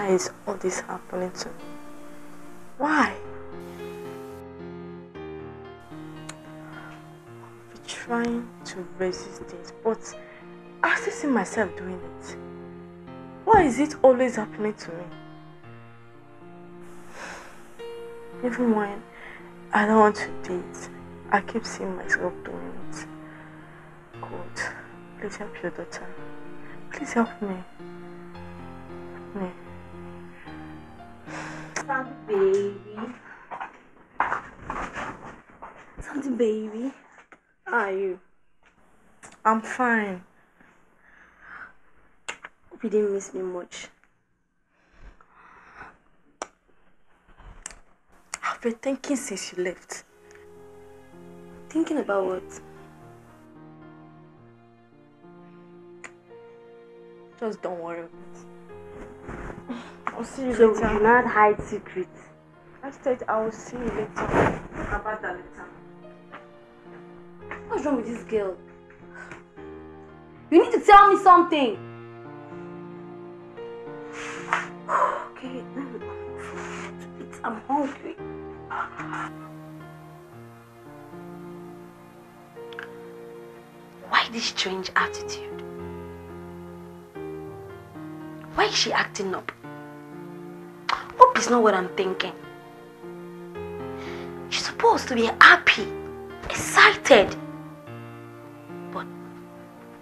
why is all this happening to me? Why? I've been trying to resist it, but I still see myself doing it. Why is it always happening to me? Even when I don't want to date, I keep seeing myself doing it. God, please help your daughter. Please help me. Help me baby. Something, baby. How are you? I'm fine. Hope you didn't miss me much. I've been thinking since you left. Thinking about what? Just don't worry will see you so later. So not hide secrets. I said I will see you later. Talk about that later. What's wrong with this girl? You need to tell me something. okay, I'm hungry. Why this strange attitude? Why is she acting up? is not what I'm thinking. You're supposed to be happy, excited. But,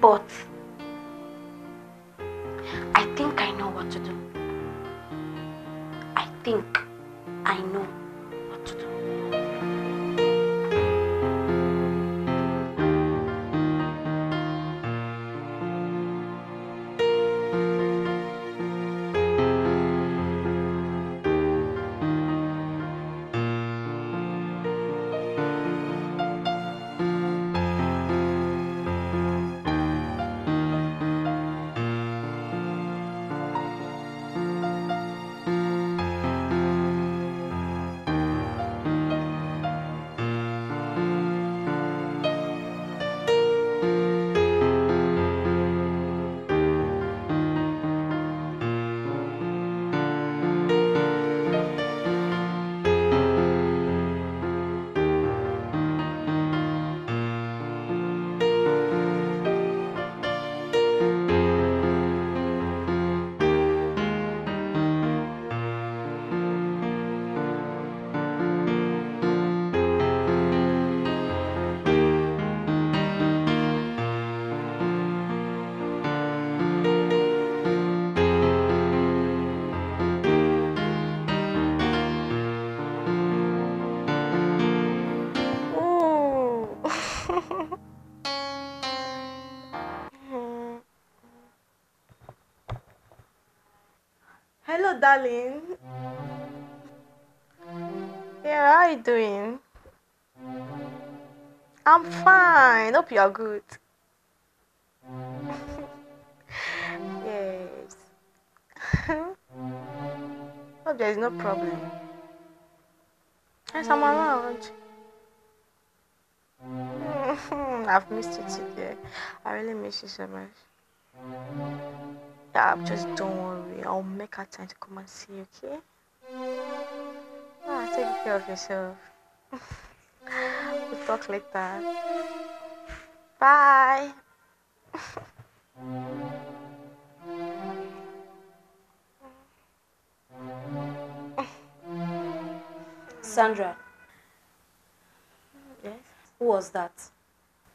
but, I think I know what to do. I think I know. darling. Yeah, how are you doing? I'm fine. Hope you are good. yes. Hope there is no problem. Yes, I'm around. I've missed you today. I really miss you so much. Yeah, just don't worry. I'll oh, make her time to come and see you, okay? Ah, take care of yourself. we'll talk later. Bye. Sandra. Yes. Who was that?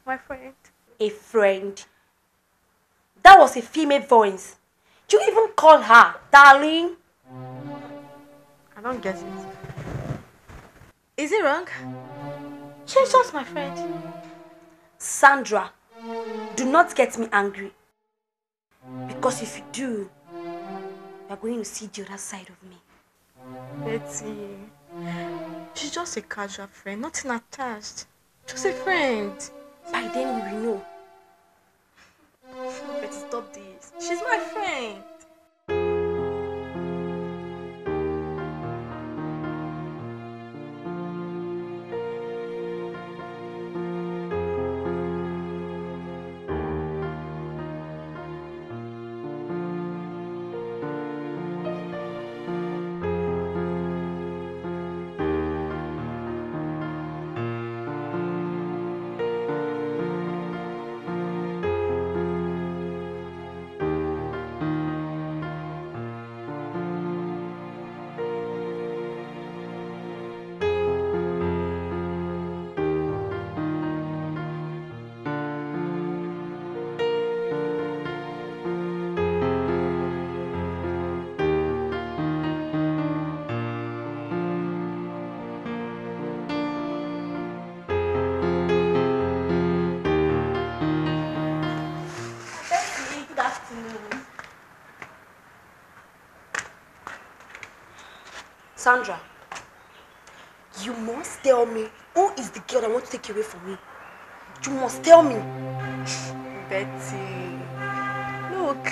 My friend. A friend. That was a female voice you even call her darling? I don't get it. Is it wrong? She's just my friend. Sandra, do not get me angry. Because if you do, you're going to see the other side of me. Betty, she's just a casual friend, nothing attached. Just a friend. By then we will know Sandra, you must tell me who is the girl that wants to take you away from me. You must tell me. Betty, look.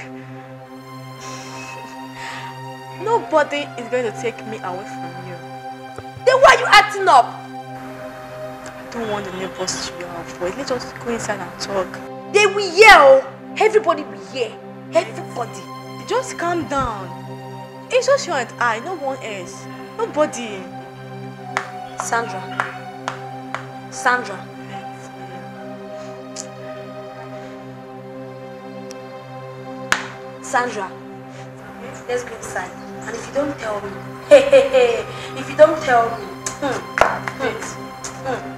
Nobody is going to take me away from you. Then why are you acting up? I don't want the neighbors to hear our voice. Let's just go inside and talk. They will yell. Oh. Everybody will hear. Everybody. Just calm down. It's just you and I, no one else. Nobody. Sandra. Sandra. Sandra. Let's go inside. And if you don't tell me, hey, hey, hey, if you don't tell me, hmm, hmm, hmm.